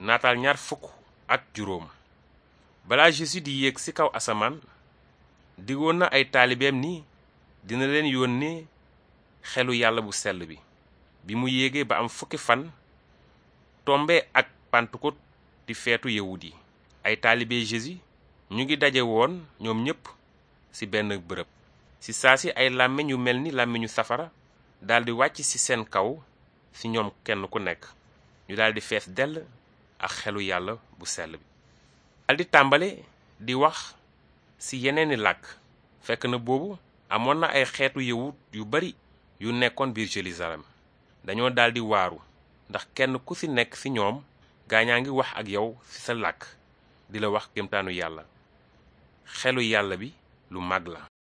naataal ñaar fukk ak juróom balaa di yéeg ci kaw asamaan digoon na ay taalibeem ni dina leen yónnee xelu yàlla bu sell bi bi mu yéegee ba am fukki fan tombe ak Pentecôte di feetu yawut yi ay taalibe Jésus ñu ngi daje woon ñoom ñépp ci benn bërëb ci saasi ay làmmiñ yu mel ni làmmiñu safara daldi wàcc ci seen kaw ci ñoom kenn ku nekk ñu daldi fees dell ak xelu yàlla bu sell bi daldi tàmbale di wax ci yeneeni làkk fekk na boobu amoon na ay xeetu yawut yu bari yu nekkoon biir Jérusalem dañoo daldi waaru ndax kenn ku ci nekk ci ñoom gaañaa ngi wax ak yow ci sa làkk di la wax kéemtaanu yàlla xelu yàlla bi lu mag la